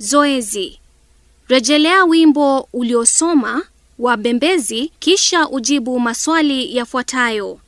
Zoezi: rejelea wimbo uliosoma wa Bembezi kisha ujibu maswali yafuatayo.